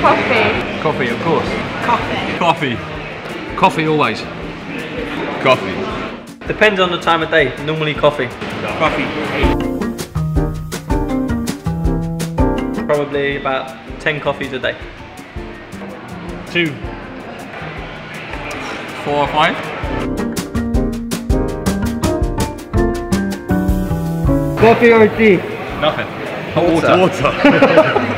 Coffee. Coffee, of course. Coffee. Coffee. Coffee always. Coffee. Depends on the time of day. Normally coffee. Coffee. Probably about 10 coffees a day. Two. Four or five. Coffee or tea? Nothing. Hot water. water.